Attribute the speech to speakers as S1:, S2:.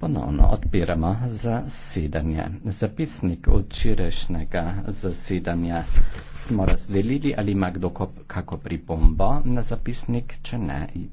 S1: Ponovno odpiramo zasedanje. Zapisnik včerajšnjega zasedanja smo razdelili, ali ima kdo kako pripombo na zapisnik, če ne,